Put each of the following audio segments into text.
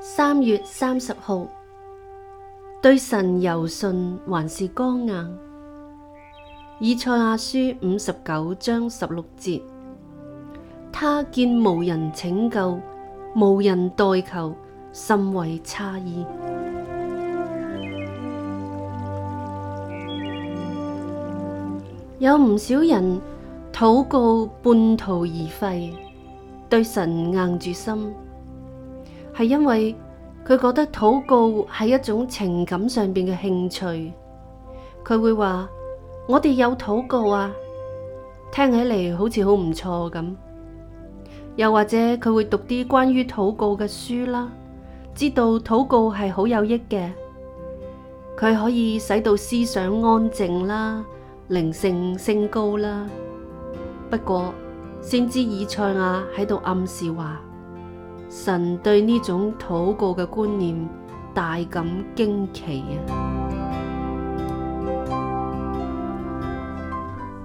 三月三十號，對神柔順還是剛硬？以賽亞書五十九章十六節，他見無人拯救，無人代求，甚為詫異。有唔少人禱告半途而廢。對神硬住心，係因為佢覺得禱告係一種情感上邊嘅興趣。佢會話：我哋有禱告啊，聽起嚟好似好唔錯咁。又或者佢會讀啲關於禱告嘅書啦，知道禱告係好有益嘅。佢可以使到思想安靜啦，靈性升高啦。不過，先知以賽亞喺度暗示話，神對呢種禱告嘅觀念大感驚奇啊！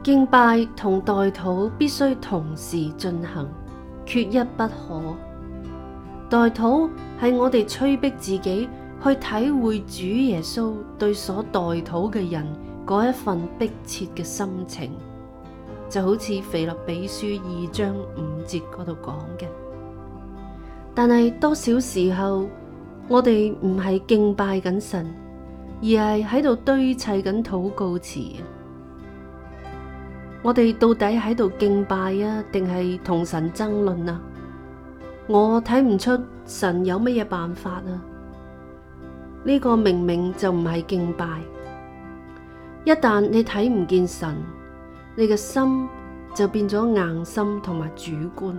敬拜同代禱必須同時進行，缺一不可。代禱係我哋催逼自己去體會主耶穌對所代禱嘅人嗰一份迫切嘅心情。就好似腓立比書二章五節嗰度講嘅，但係多少時候我哋唔係敬拜緊神，而係喺度堆砌緊禱告詞。我哋到底喺度敬拜啊，定係同神爭論啊？我睇唔出神有乜嘢辦法啊？呢個明明就唔係敬拜。一旦你睇唔見神。你嘅心就變咗硬心同埋主觀，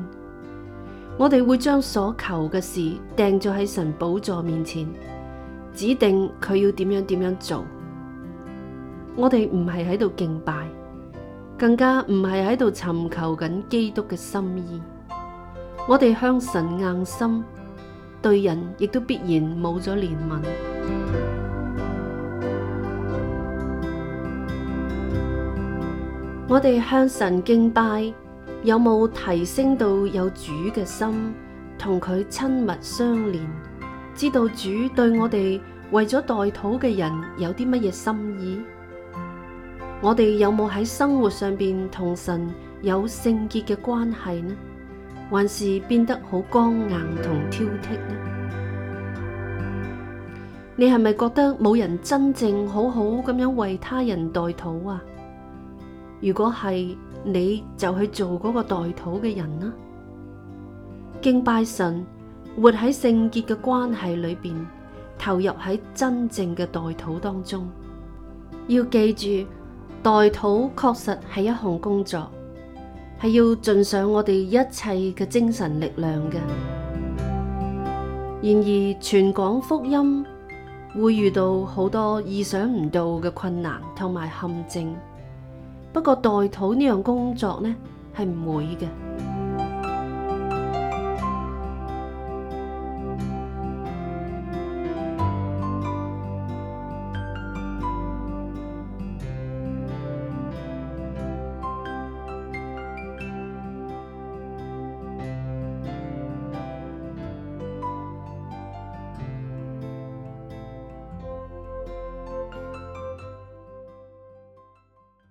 我哋會將所求嘅事掟咗喺神寶座面前，指定佢要點樣點樣做。我哋唔係喺度敬拜，更加唔係喺度尋求緊基督嘅心意。我哋向神硬心，對人亦都必然冇咗憐憫。我哋向神敬拜，有冇提升到有主嘅心，同佢親密相連，知道主對我哋為咗代禱嘅人有啲乜嘢心意？我哋有冇喺生活上邊同神有聖潔嘅關係呢？還是變得好剛硬同挑剔呢？你係咪覺得冇人真正好好咁樣為他人代禱啊？如果係你，就去做嗰個代禱嘅人啦。敬拜神，活喺聖潔嘅關係裏邊，投入喺真正嘅代禱當中。要記住，代禱確實係一項工作，係要盡上我哋一切嘅精神力量嘅。然而，傳講福音會遇到好多意想唔到嘅困難同埋陷阱。不過，代土呢樣工作呢，係唔會嘅。